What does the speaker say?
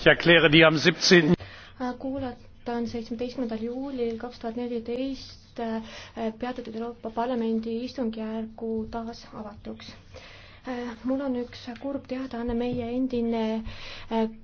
Äh, kuulatan seitsmeteistkümnendal juulil kaks tuhat neliteist äh, peatatud Euroopa Parlamendi istungjärgu taas avatuks. Äh, mul on üks kurb teadaanne, meie endine